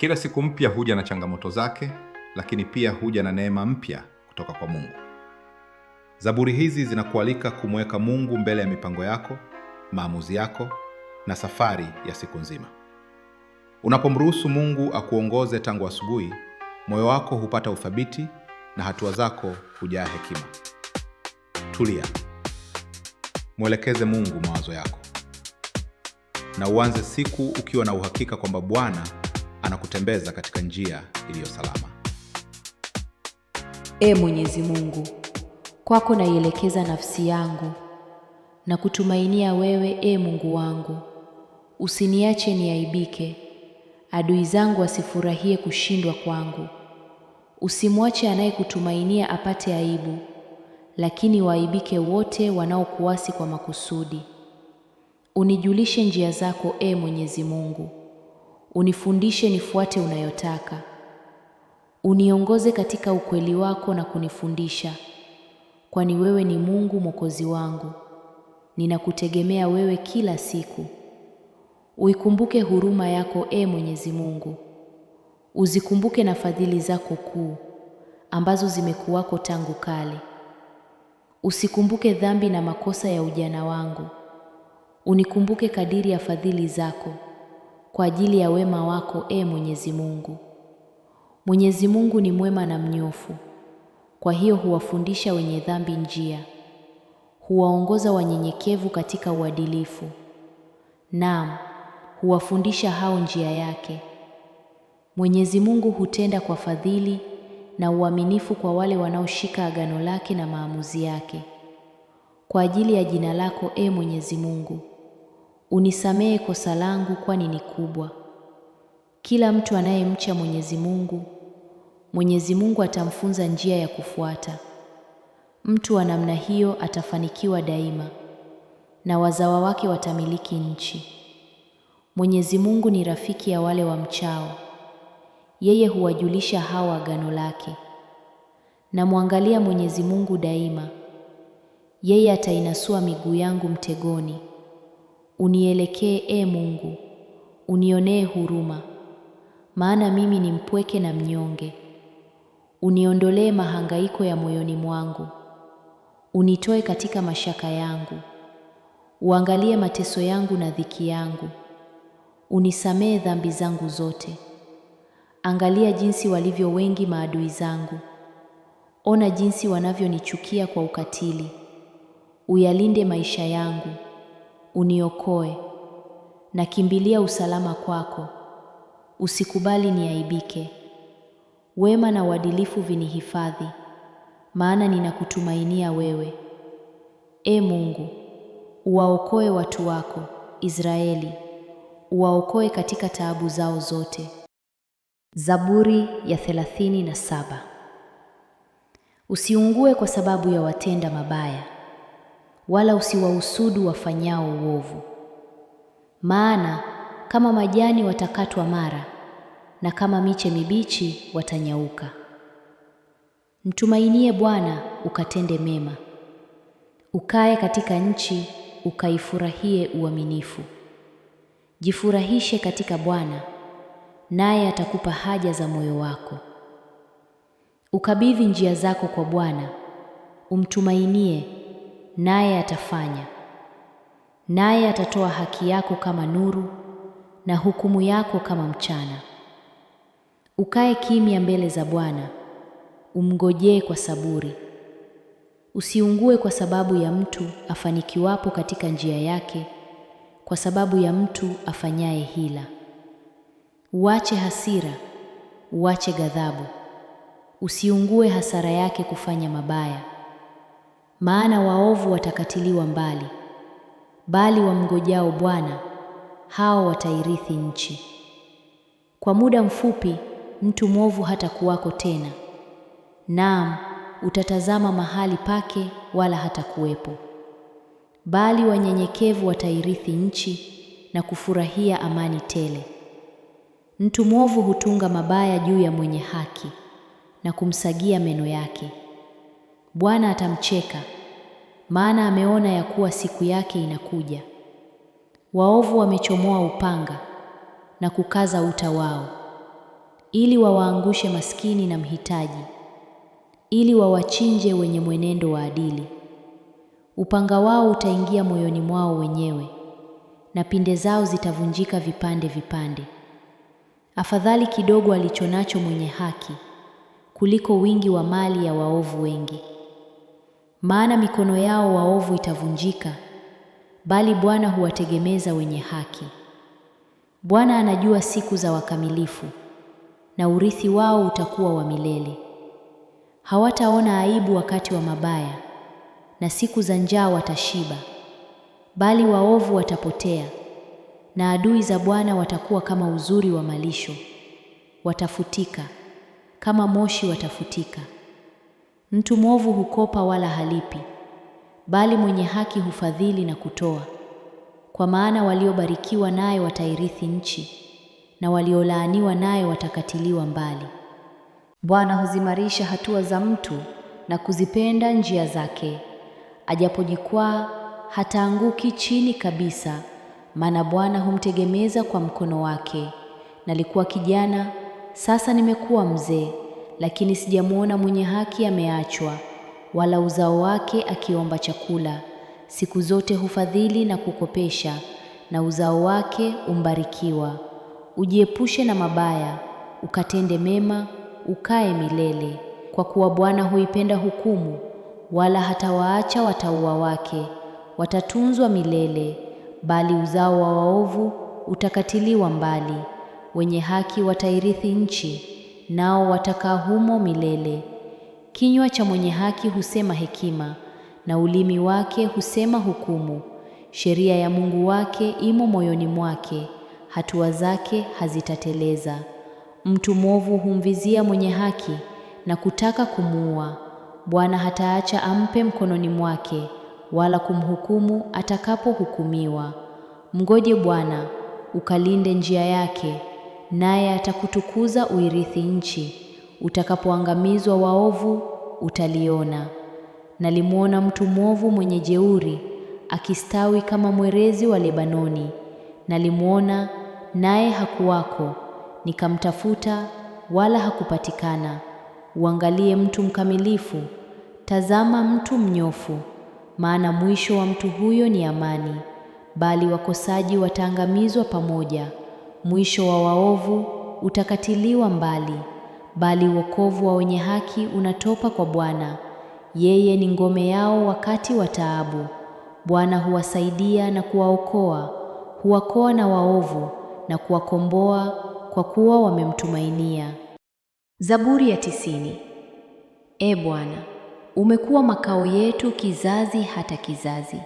Kila siku mpya huja na changamoto zake, lakini pia huja na neema mpya kutoka kwa Mungu. Zaburi hizi zinakualika kumweka Mungu mbele ya mipango yako, maamuzi yako na safari ya siku nzima. Unapomruhusu Mungu akuongoze tangu asubuhi, moyo wako hupata uthabiti na hatua zako hujaa hekima. Tulia, mwelekeze Mungu mawazo yako na uanze siku ukiwa na uhakika kwamba Bwana kutembeza katika njia iliyo salama. E Mwenyezi Mungu, kwako naielekeza nafsi yangu na kutumainia wewe, e Mungu wangu. Usiniache niaibike, adui zangu wasifurahie kushindwa kwangu. Usimwache anayekutumainia apate aibu, lakini waaibike wote wanaokuasi kwa makusudi. Unijulishe njia zako, e Mwenyezi Mungu, unifundishe nifuate unayotaka. Uniongoze katika ukweli wako na kunifundisha, kwani wewe ni Mungu Mwokozi wangu. Ninakutegemea wewe kila siku. Uikumbuke huruma yako, e Mwenyezi Mungu, uzikumbuke na fadhili zako kuu ambazo zimekuwako tangu kale. Usikumbuke dhambi na makosa ya ujana wangu, unikumbuke kadiri ya fadhili zako kwa ajili ya wema wako, e Mwenyezi Mungu. Mwenyezi Mungu ni mwema na mnyofu, kwa hiyo huwafundisha wenye dhambi njia, huwaongoza wanyenyekevu katika uadilifu. Naam, huwafundisha hao njia yake. Mwenyezi Mungu hutenda kwa fadhili na uaminifu kwa wale wanaoshika agano lake na maamuzi yake. Kwa ajili ya jina lako, e Mwenyezi Mungu, unisamehe kosa langu, kwani ni kubwa. Kila mtu anayemcha Mwenyezi Mungu, Mwenyezi Mungu atamfunza njia ya kufuata. Mtu wa namna hiyo atafanikiwa daima na wazawa wake watamiliki nchi. Mwenyezi Mungu ni rafiki ya wale wamchao. Yeye huwajulisha hawa agano lake. Namwangalia Mwenyezi Mungu daima. Yeye atainasua miguu yangu mtegoni. Unielekee e Mungu, unionee huruma, maana mimi ni mpweke na mnyonge. Uniondolee mahangaiko ya moyoni mwangu, unitoe katika mashaka yangu. Uangalie mateso yangu na dhiki yangu, unisamehe dhambi zangu zote. Angalia jinsi walivyo wengi maadui zangu, ona jinsi wanavyonichukia kwa ukatili. Uyalinde maisha yangu uniokoe. Nakimbilia usalama kwako, usikubali niaibike. Wema na uadilifu vinihifadhi, maana ninakutumainia wewe. E Mungu, uwaokoe watu wako Israeli, uwaokoe katika taabu zao zote. Zaburi ya thelathini na saba. Usiungue kwa sababu ya watenda mabaya wala usiwahusudu wafanyao uovu. Maana kama majani watakatwa mara, na kama miche mibichi watanyauka. Mtumainie Bwana ukatende mema, ukae katika nchi ukaifurahie uaminifu. Jifurahishe katika Bwana, naye atakupa haja za moyo wako. Ukabidhi njia zako kwa Bwana, umtumainie naye atafanya. Naye atatoa haki yako kama nuru na hukumu yako kama mchana. Ukae kimya mbele za Bwana, umngojee kwa saburi. Usiungue kwa sababu ya mtu afanikiwapo katika njia yake, kwa sababu ya mtu afanyaye hila. Uache hasira, uache ghadhabu, usiungue hasara yake kufanya mabaya maana waovu watakatiliwa mbali, bali wamngojao Bwana hao watairithi nchi. Kwa muda mfupi mtu mwovu hatakuwako tena, naam utatazama mahali pake, wala hatakuwepo, bali wanyenyekevu watairithi nchi na kufurahia amani tele. Mtu mwovu hutunga mabaya juu ya mwenye haki na kumsagia meno yake. Bwana atamcheka, maana ameona ya kuwa siku yake inakuja. Waovu wamechomoa upanga na kukaza uta wao, ili wawaangushe maskini na mhitaji, ili wawachinje wenye mwenendo wa adili. Upanga wao utaingia moyoni mwao wenyewe, na pinde zao zitavunjika vipande vipande. Afadhali kidogo alichonacho mwenye haki kuliko wingi wa mali ya waovu wengi maana mikono yao waovu itavunjika, bali Bwana huwategemeza wenye haki. Bwana anajua siku za wakamilifu, na urithi wao utakuwa wa milele. Hawataona aibu wakati wa mabaya, na siku za njaa watashiba, bali waovu watapotea, na adui za Bwana watakuwa kama uzuri wa malisho, watafutika kama moshi, watafutika. Mtu mwovu hukopa wala halipi, bali mwenye haki hufadhili na kutoa. Kwa maana waliobarikiwa naye watairithi nchi, na waliolaaniwa naye watakatiliwa mbali. Bwana huzimarisha hatua za mtu na kuzipenda njia zake. Ajapojikwaa hataanguki chini kabisa, maana Bwana humtegemeza kwa mkono wake. Nalikuwa kijana, sasa nimekuwa mzee lakini sijamwona mwenye haki ameachwa, wala uzao wake akiomba chakula. Siku zote hufadhili na kukopesha, na uzao wake umbarikiwa. Ujiepushe na mabaya, ukatende mema, ukae milele, kwa kuwa Bwana huipenda hukumu, wala hatawaacha watauwa wake. Watatunzwa milele, bali uzao wa waovu utakatiliwa mbali. Wenye haki watairithi nchi nao watakaa humo milele. Kinywa cha mwenye haki husema hekima, na ulimi wake husema hukumu. Sheria ya Mungu wake imo moyoni mwake, hatua zake hazitateleza. Mtu mwovu humvizia mwenye haki na kutaka kumuua. Bwana hataacha ampe mkononi mwake, wala kumhukumu atakapohukumiwa. Mgoje Bwana, ukalinde njia yake, naye atakutukuza uirithi nchi. Utakapoangamizwa waovu, utaliona. Nalimwona mtu mwovu mwenye jeuri akistawi kama mwerezi wa Lebanoni. Nalimwona naye hakuwako, nikamtafuta wala hakupatikana. Uangalie mtu mkamilifu, tazama mtu mnyofu, maana mwisho wa mtu huyo ni amani, bali wakosaji wataangamizwa pamoja. Mwisho wa waovu utakatiliwa mbali, bali wokovu wa wenye haki unatoka kwa Bwana. Yeye ni ngome yao wakati wa taabu. Bwana huwasaidia na kuwaokoa, huwakoa na waovu na kuwakomboa kwa kuwa wamemtumainia. Zaburi ya tisini. E Bwana, umekuwa makao yetu kizazi hata kizazi,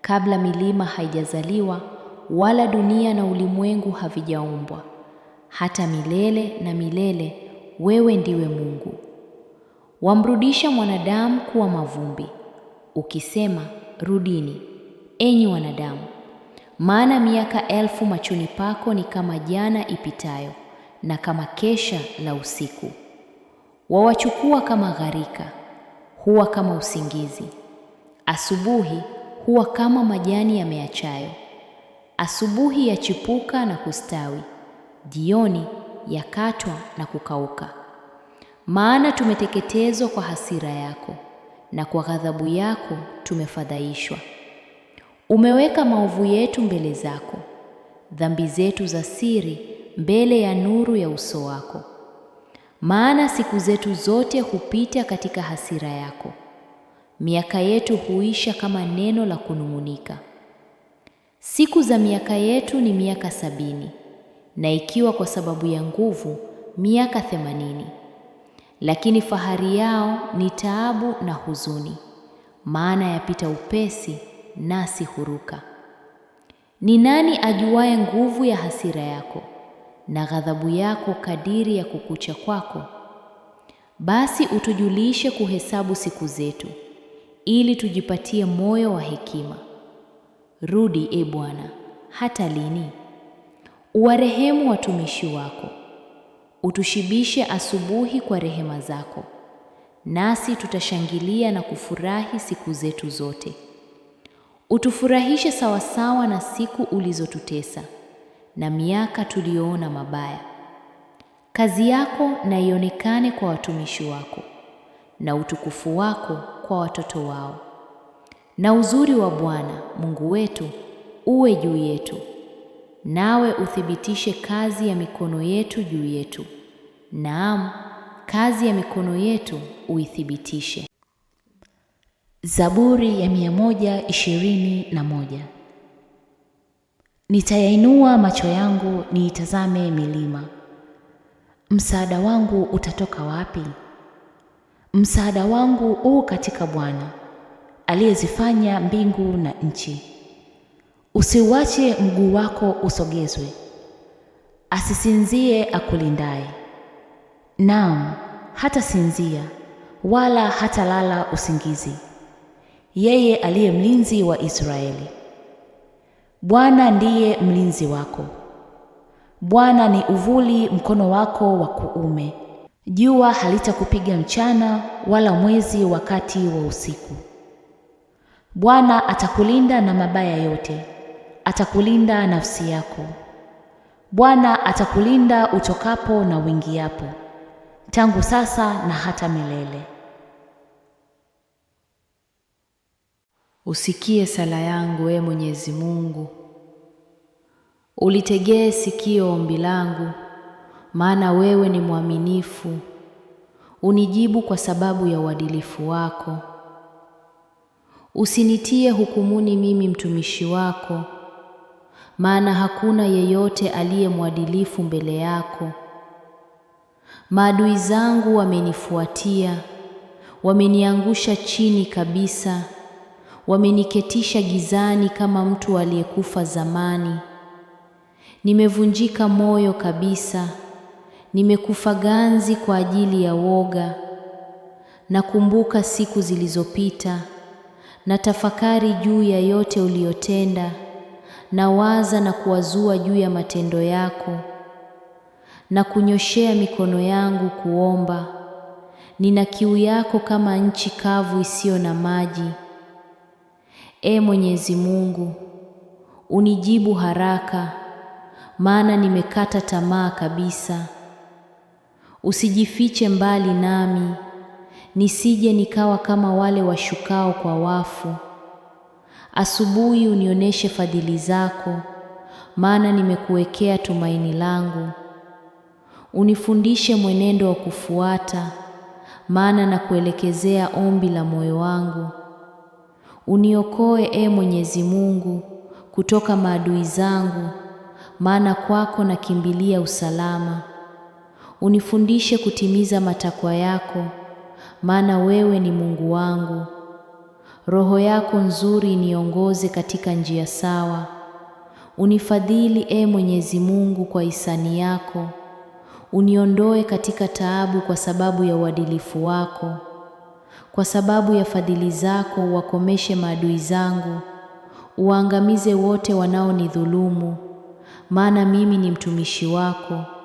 kabla milima haijazaliwa wala dunia na ulimwengu havijaumbwa, hata milele na milele wewe ndiwe Mungu. Wamrudisha mwanadamu kuwa mavumbi, ukisema rudini, enyi wanadamu, maana miaka elfu machoni pako ni kama jana ipitayo na kama kesha la usiku. Wawachukua kama gharika, huwa kama usingizi. Asubuhi huwa kama majani yameachayo Asubuhi yachipuka na kustawi, jioni yakatwa na kukauka. Maana tumeteketezwa kwa hasira yako, na kwa ghadhabu yako tumefadhaishwa. Umeweka maovu yetu mbele zako, dhambi zetu za siri mbele ya nuru ya uso wako. Maana siku zetu zote hupita katika hasira yako, miaka yetu huisha kama neno la kunung'unika. Siku za miaka yetu ni miaka sabini na ikiwa kwa sababu ya nguvu miaka themanini, lakini fahari yao ni taabu na huzuni, maana yapita upesi nasi huruka. Ni nani ajuaye nguvu ya hasira yako na ghadhabu yako kadiri ya kukucha kwako? Basi utujulishe kuhesabu siku zetu, ili tujipatie moyo wa hekima. Rudi e Bwana, hata lini? Uwarehemu watumishi wako, utushibishe asubuhi kwa rehema zako, nasi tutashangilia na kufurahi siku zetu zote. Utufurahishe sawasawa na siku ulizotutesa na miaka tuliyoona mabaya. Kazi yako na ionekane kwa watumishi wako, na utukufu wako kwa watoto wao na uzuri wa Bwana Mungu wetu uwe juu yetu, nawe uthibitishe kazi ya mikono yetu juu yetu. Naam, kazi ya mikono yetu uithibitishe. Zaburi ya mia moja ishirini na moja. Nitayainua macho yangu niitazame milima. Msaada wangu utatoka wapi? Msaada wangu u katika Bwana aliyezifanya mbingu na nchi. Usiuache mguu wako usogezwe, asisinzie akulindaye. Naam, hatasinzia wala hatalala usingizi, yeye aliye mlinzi wa Israeli. Bwana ndiye mlinzi wako, Bwana ni uvuli mkono wako wa kuume. Jua halitakupiga mchana, wala mwezi wakati wa usiku. Bwana atakulinda na mabaya yote, atakulinda nafsi yako. Bwana atakulinda utokapo na uingiapo, tangu sasa na hata milele. Usikie sala yangu, e Mwenyezi Mungu, ulitegee sikio ombi langu, maana wewe ni mwaminifu, unijibu kwa sababu ya uadilifu wako Usinitie hukumuni mimi mtumishi wako, maana hakuna yeyote aliye mwadilifu mbele yako. Maadui zangu wamenifuatia, wameniangusha chini kabisa, wameniketisha gizani kama mtu aliyekufa zamani. Nimevunjika moyo kabisa, nimekufa ganzi kwa ajili ya woga. Nakumbuka siku zilizopita na tafakari juu ya yote uliyotenda, na waza na kuwazua juu ya matendo yako, na kunyoshea mikono yangu kuomba. Nina kiu yako kama nchi kavu isiyo na maji. E Mwenyezi Mungu, unijibu haraka, maana nimekata tamaa kabisa. Usijifiche mbali nami nisije nikawa kama wale washukao kwa wafu. Asubuhi unionyeshe fadhili zako, maana nimekuwekea tumaini langu. Unifundishe mwenendo wa kufuata, maana na kuelekezea ombi la moyo wangu. Uniokoe, e Mwenyezi Mungu, kutoka maadui zangu, maana kwako nakimbilia usalama. Unifundishe kutimiza matakwa yako maana wewe ni Mungu wangu. Roho yako nzuri iniongoze katika njia sawa. Unifadhili, e Mwenyezi Mungu, kwa hisani yako. Uniondoe katika taabu kwa sababu ya uadilifu wako. Kwa sababu ya fadhili zako uwakomeshe maadui zangu, uwaangamize wote wanaonidhulumu, maana mimi ni mtumishi wako.